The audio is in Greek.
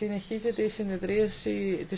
Συνεχίζεται η συνεδρίαση της